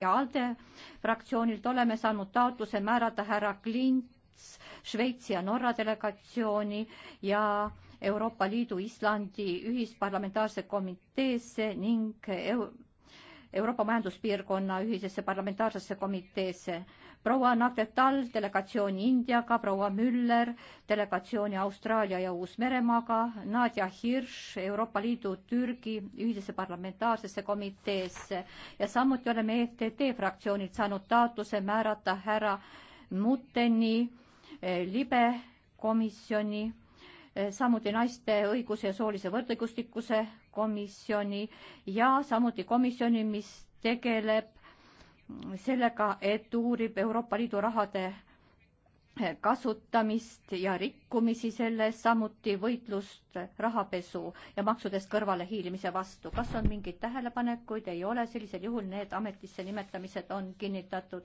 ja ALDE fraktsioonilt oleme saanud taotluse määrata härra Klints Šveitsi ja Norra delegatsiooni ja Euroopa Liidu Islandi ühisparlamentaarse komiteesse ning EU Euroopa Majanduspiirkonna ühisesse parlamentaarsesse komiteesse. proua Nagdetal delegatsiooni Indiaga, proua Müller delegatsiooni Austraalia ja Uus-Meremaaga, Nadja Hirš Euroopa Liidu Türgi ühisesse parlamentaarsesse komiteesse ja samuti oleme EFTT fraktsioonilt saanud taotluse määrata härra Muteni eh, libe komisjoni Eh, samuti naiste õiguse ja soolise võrdõiguslikkuse komisjoni ja samuti komisjoni, mis tegeleb sellega, et uurib Euroopa Liidu rahade eh, kasutamist ja rikkumisi selles, samuti võitlust rahapesu ja maksudest kõrvalehiilimise vastu. kas on mingeid tähelepanekuid? ei ole, sellisel juhul need ametisse nimetamised on kinnitatud.